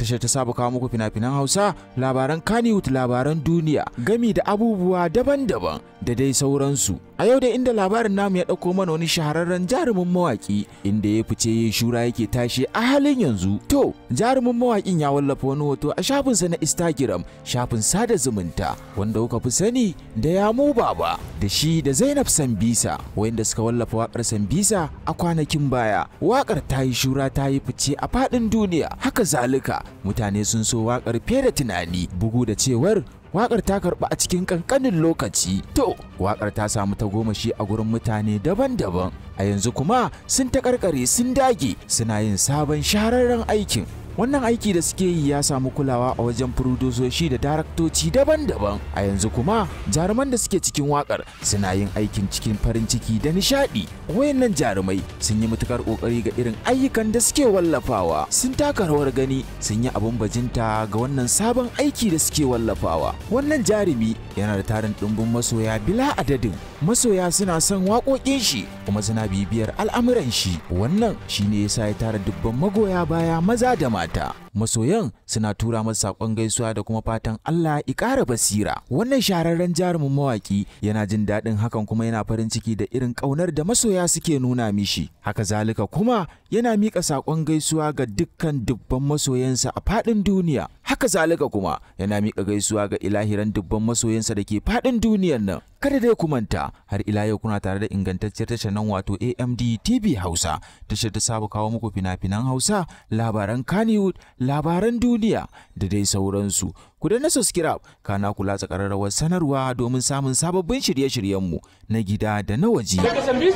tashar ta saba kawo muku fina-finan Hausa, labaran Kannywood, labaran duniya, gami da abubuwa daban-daban da dai sauransu. A yau da inda labarin namu ya ɗauko mana wani shahararren jarumin mawaƙi inda ya fice ya shura yake tashi a halin yanzu. To, jarumin mawaƙin ya wallafa wani hoto a shafinsa na Instagram, shafin sada zumunta, wanda kuka fi sani da Yamu Baba, da shi da Zainab Sambisa, wanda suka wallafa waƙar Sambisa a kwanakin baya. Waƙar ta yi shura ta yi fice a faɗin duniya, haka zalika mutane sun so waƙar fiye da tunani bugu da cewar waƙar ta karɓi a cikin ƙanƙanin lokaci to waƙar ta samu ta tagomashi a gurin mutane daban-daban a yanzu kuma sun ta ƙarƙare sun dage suna yin sabon shahararren aikin wannan aiki da suke yi ya samu kulawa a wajen furudososhi da daraktoci daban-daban a yanzu kuma jaruman da suke cikin wakar suna yin aikin cikin farin ciki da nishaɗi wayannan jarumai sun yi matukar kokari ga irin ayyukan da suke wallafawa sun taka rawar gani sun yi abun bajinta ga wannan sabon aiki da suke wallafawa wannan jarumi yana da tarin ɗumbin masoya bila adadin masoya suna son waƙoƙin shi kuma zina bibiyar al'amuran shi wannan shine yasa ya tara dubban magoya baya maza da mata masoyan suna tura masa sakon gaisuwa da kuma fatan Allah ya ƙara basira wannan shahararren jarumin mawaki yana jin daɗin hakan kuma yana farin ciki da irin ƙaunar da masoya suke nuna mishi haka zalika kuma yana mika saƙon gaisuwa ga dukkan dubban masoyansa a faɗin duniya haka zalika kuma yana miƙa gaisuwa ga ilahiran dubban masoyansa da ke faɗin duniyar nan kada dai ku manta har ila yau kuna tare da ingantacciyar tashar nan wato AMD TV Hausa tashar ta saba kawo muku fina-finan Hausa labaran Kannywood labaran duniya da dai sauransu ku danna subscribe kana kula da kararrawar sanarwa domin samun sababbin shirye-shiryenmu na gida da na waje.